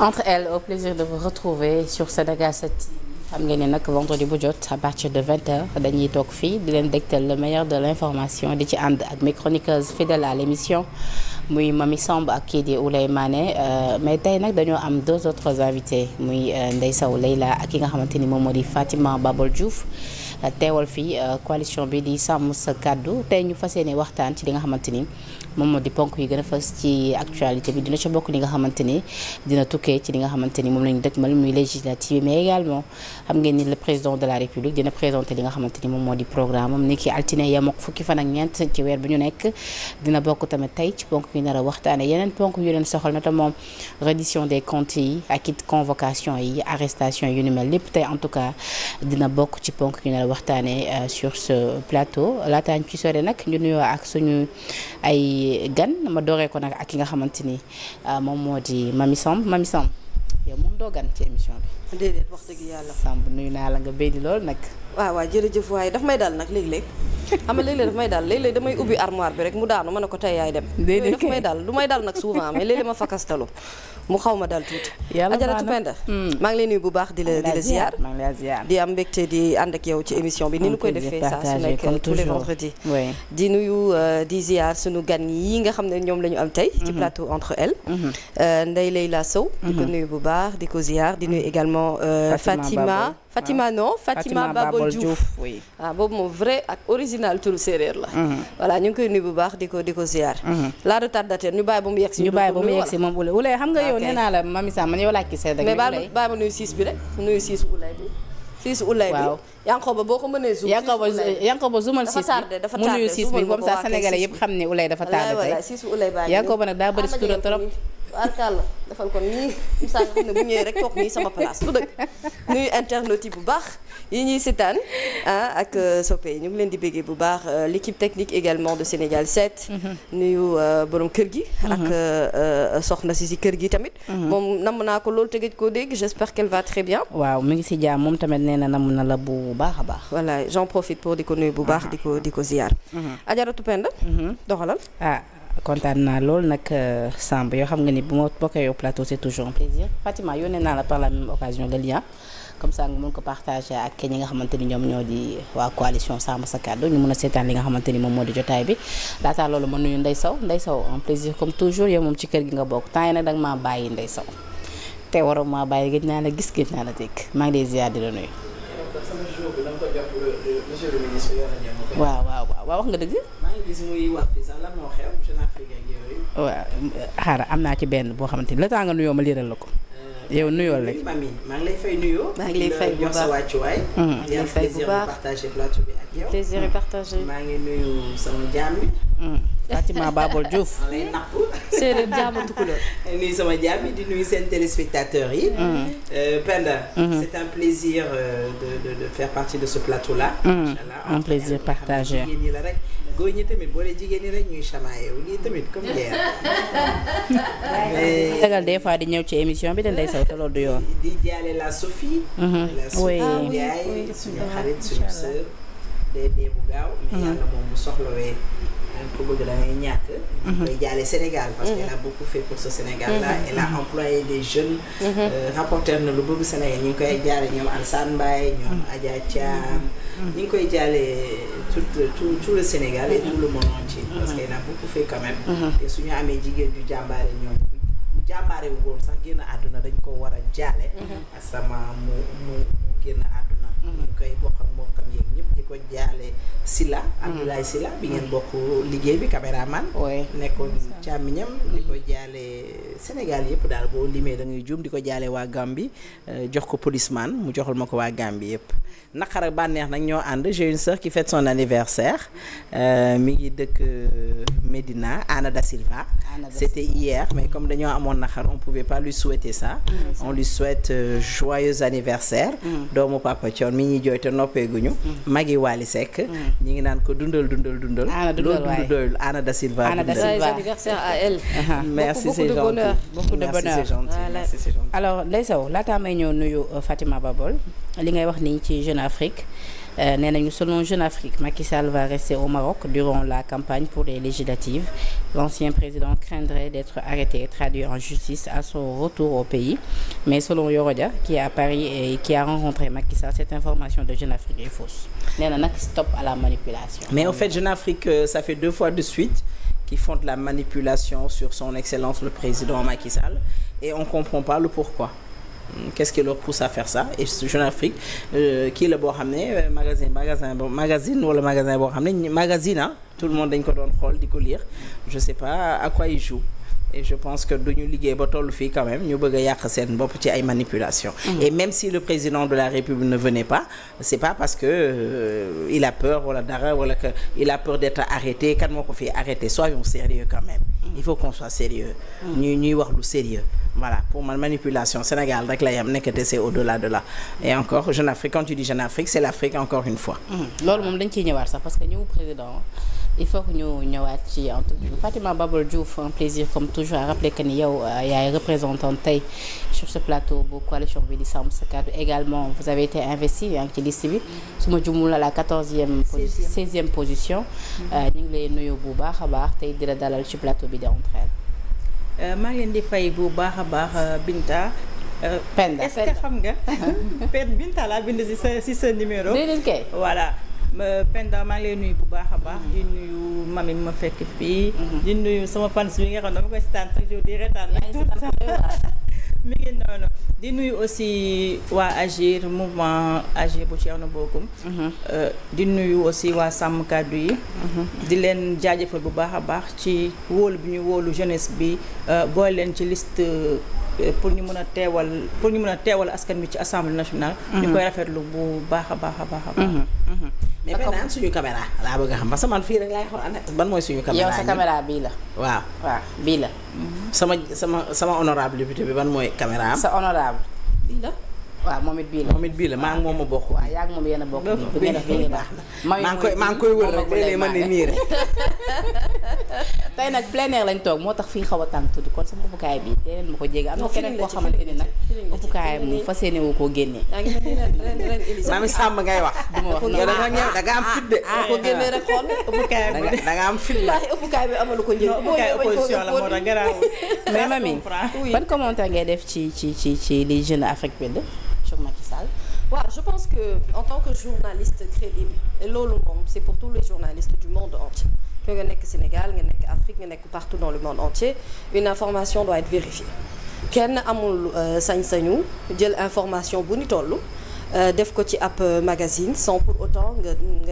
entre elles au plaisir de vous retrouver sur Sénégal 7 xam ngeen ni nag vendredi bu jot à partir de 20h dañuy toog fii di leen dégtal le meilleur de l'information di ci ànd ak mes chroniqueuses fidèles à l'émission muy Mami Samb ak kii di Oulay Mané euh, mais tey nag dañoo am deux autres invités muy euh, Ndeye Sow Leila ak ki nga xamante ni moom moo di Fatima Babol Diouf teewal fii euh, coalition bi di sàmm sa kàddu tey ñu fas yéene waxtaan ci li nga xamante ni moom moo di ponk yi gën a fës ci actualité bi dina ci bokk li nga xamante ni dina tukkee ci li nga xamante ni moom lañu dëkkmal muy législative mais également xam ngeen ni le président de la république dina présenter li nga xamante ni moom moo di programme am ni ki altine yem ak fukki fan ak ñeent ci weer bi ñu nekk dina bokk tamit tey ci ponk yi nar a waxtaane yeneen ponk yu leen soxal notamment reddition des comptes yi ak it convocation yi arrestation yi ni mel lépp tey en tout cas dina bokk ci ponk yu waxtaanee euh, sur ce plateau laataa ñu ci sore nag ñu nuyoo ak suñu ay gan ma dooree ko nag ak ki nga xamante ni euh, moom moo di Mamy Samb Mamy Samb yow moom doo gan ci émission bi. déedéet wax dëgg yàlla. Samb nuyu naa la nga béy di lool nag. waaw waaw jërëjëf waaye daf may dal nag léeg-léeg. xam nga léeg-léeg daf may daal léeg-léeg damay ubbi armoire bi rek mu daanu ma ne ko tey yaay dem yooyu daf may daal du daal nag souvent mais léeg-léeg ma fakastalu mu xaw ma daal tuuti ajaratu Penda hmm. maa lay nuyu bu baax di la di la ziar di am mbégte di ànd ak yow ci émission bi ni ñu koy defee saa su nekk tous les vendredis di nuyu euh, di ziar suñu gan yi nga xam ne ñoom la am tey ci mhm. plateau entre elles mhm. euh, Ndeye Leila Sow di ko mhm. nuyu bu baax di ko ziar di nuyu également euh, Fatima Fatima ah. non Fatima Babol Diouf waaw ah, boobu moom vrai ak original turu séeréer la mhm. voilà ñu koy nuyu bu baax di ko di ko ziar mhm. la retardataire ñu bàyyi ba mu yegsi ñu ba moom Ulay Ulay xam nga ah, yow nee la Mami man yow laaj ki mais bàyyi ma nuyu siis bi rek nuyu siis Ulay bi siis Ulay bi Yankoba boo ko mënee zoom siis bi mu nuyu siis bi comme ça sénégalais yëpp xam ne Ulay dafa tardé tey Yankoba nag daa bëri sutura trop alkalla defal kon nii Moussa nga xam ne bu ñëwee rek toog nii sama place du dëgg nuyu internautes bu baax yi ñuy seetaan ah ak euh, soppe yi ñu ngi leen di béggee bu baax euh, l' équipe technique également de Sénégal 7. Mhm. nuyu euh, borom kër gi. Mhm. ak soxna si si kër gi tamit. Mhm. moom namm naa ko loolu te gëj koo dégg j' espère qu' elle va très bien. waaw mi ngi si jàmm moom tamit nee na namm na la bu baax a baax. voilà j' en profite pour di ko nuyu bu baax ah. di ko di ko ziar. Adjaratou Penda. kontaan naa lool nag euh, Samb yoo xam nga ni bu ma bokkee yow plateau c'est toujours un plaisir Fatima yónnee naa la par occasion le comme ça nga mën ko partager ak ñi nga xamante ni ñoom ñoo di waa coalition Sàmm sa kàddu ñu mën a seetaan li nga xamante moom moo di jotaay bi laataa loolu mën nañu Ndeye Sow Ndeye Sow un plaisir comme toujours yow moom ci kër gi nga bokk temps yi nag maa bàyyi Ndeye Sow te waroon maa bàyyi gëj gis gis muy waaw euh, xaaral am naa ci benn boo xamante ni la temps nga nuyoo ma liiral la ko. Euh, yow nuyoo la mami maa ngi lay fay nuyoo. maa ngi lay euh, fay bu baax sa lay fay bu baax partagé bi ak maa ngi sama jaam yi. Hmm. Fatima Babol Diouf. maa di nuyu seen téléspectateurs yi. Hmm. Penda. Hmm. c'est un plaisir de de de faire partie de ce plateau là. incha un plaisir partagé. góor ñi tamit boo dee jigéen ñi rek ñuy chamaayé wu lii tamit comme hier. mais tegal des di ñëw ci émission bi dañ lay saw te loolu du yoon. di jaale la day dee bu gaaw. mais mhm. yàlla moom bu soxlawee. ko bëgg da ngay ñàkk. day mhm. jaale Sénégal. parce que mhm. elle a beaucoup pour ce Sénégal là. a employé des jeunes. Euh, rapporteur na lu bëgg Sénégal ñu ngi koy jaale ñoom Alsane Mbaye ñoom Adja Thiam. ñu ngi koy jaale tout tout tout le Sénégal et tout le monde entier. parce que elle a beaucoup fait te su ñu amee jigéen ju jàmbaare ñoom. jàmbaare wu woon sax génn àdduna dañ ko war a jaale. ak sama mu mu génn àdduna. ñu koy bokkam bokkam yeeg ñëpp di ko jaale Sila Abdoulaye Sila bi ngeen mm. bokk liggéey bi man caméraman nekkoon càmmiñam di ko jaale Sénégal yëpp daal boo limee da ngay di ko jaale waa bi euh, jox ko policeman mu joxul ma ko waa bi yëpp naqar ak bànneex nag ñoo ànd j'ai une sœur qui fête son anniversaire euh, mi ngi dëkk euh, Médina Anna da Silva c'était hier mais comme dañoo amoon naqar on pouvait pas lui souhaiter ça mm, on lui souhaite joyeux anniversaire mm. yoon mi ñuy jooy te noppeeguñu mm-hmm. magi Wally Seck mm-hmm. ngi naan ko dundal dundal dundal loolu dund doyul Anna da Silva Anna da Silva anniversaire à elle merci c'est gentil beaucoup de bonheur merci alors Ndeye Sow laataa may nuyu euh, Fatima Babol li ngay wax nii ci Jeune Afrique Euh, nee nañu selon Jeune Afrique Macky Sall va rester au Maroc durant la campagne pour les législatives l'ancien président craindrait d'être arrêté et traduit en justice à son retour au pays mais selon Yorodia qui est à Paris et qui a rencontré Macky Sall cette information de Jeune Afrique est fausse nee na nag stop à la manipulation mais en fait Jeune Afrique euh, ça fait deux fois de suite qui font la manipulation sur son excellence le président Macky Sall et on comprend pas le pourquoi qu'est-ce qui leur pousse à faire ça et Jeune Afrique kii euh, la boo xam ne euh, magasin magasin magazine wala magasin boo xam ne magazine ah tout le monde dañ ko doon xool di ko lire je sais pa à quoi ils et je pense que duñu liggéey ba toll fii quand même ñu bëgg a yàq seen bopp ay manipulation mmh. et même si le président de la République ne venait pas c'est pas parce que euh, il a peur wala dara wala que il a peur d'être arrêté kan moo ko fi arrêté soyons sérieux quand même mmh. il faut qu'on soit sérieux mmh. ñu ñuy wax lu sérieux voilà pour man manipulation Sénégal rek la yam nekkate c'est au-delà de là et encore Jeune Afrique quand tu dis Jeune Afrique c'est il faut que ñu ñëwaat ci en tout Fatima Babol Diouf un plaisir comme toujours à rappeler que ni yow euh, yaay représentante tey sur ce plateau bu coalition bi di Sàmm Sa également vous avez été investi yaa ngi ci liste bi su ma jumul à la quatorzième seizième position mm-hmm. euh, ñu ngi lay nuyu bu baax a baax tey di la dalal ci plateau bi di Entraide euh, maa ngi di fay bu baax a baax Binta Penda est-ce que nga Penda Binta laa bind si sa si sa numéro déedéet kay Euh, Penda maa ngi lay nuyu bu baax a baax. Mm-hmm. di nuyu mami ma fekk fii. Mm-hmm. di nuyu sama fans bi nga xam ne dama koy seetaan chaque jour di reetaan mi ngi noonu di nuyu aussi waa Agir mouvement Agir bu Thierno Bocoum. Mm-hmm. Euh, di nuyu aussi waa sàmm kàddu yi. di leen jaajëfal bu baax a baax ci wóolu bi ñu wóolu jeunesse bi euh, boole leen ci list pour ñu mën a teewal pour ñu mën a teewal askan bi ci assemblée nationale. ñu mhm. koy rafetlu bu baax a baax a baax a baax. Mhm. Mhm. mais maintenant suñu caméra laa bëgg a xam parce que man fii rek laay xool ban mooy suñu caméra yow sa caméra bii la. waaw waaw bii la. sama sama sama honorable député bi ban mooy caméra am. sa honorable bii la. waaw moom it bii la moom it bii la maa ngi moom a bokk. waaw yaa ngi moom yéen a bokk. bi ngeen def bi ngeen baax na. maa ngi koy maa ngi koy wër rek léeg-léeg man ne nii rek. tey nag plein air lañ toog moo tax fii xaw a tàng tudd kon sama ëppukaay bi deneen ma ko jéggi am na keneen koo xamante ni nag ëppukaay mu fas yéene wu koo génnee mami sàmm ngay wax du ma wax noonu da nga am fit de ah, ah, ko génnee rek xool ëppukaay ah. bi da nga am fit la ëppukaay bi amalu ko njëriñ ëppukaay opposition la moo tax ban commentaire ngay def ci ci ci ci les jeunes Afrique bi de sur Macky Sall waaw je pense que en tant journaliste et loolu les journalistes du monde entier que nga nekk Sénégal nga nekk Afrique nga nekk partout dans le monde entier une information doit être vérifiée kenn amul euh, sañ-sañu jël information bu ni toll euh, def ko ci ab euh, magazine sans pour autant nga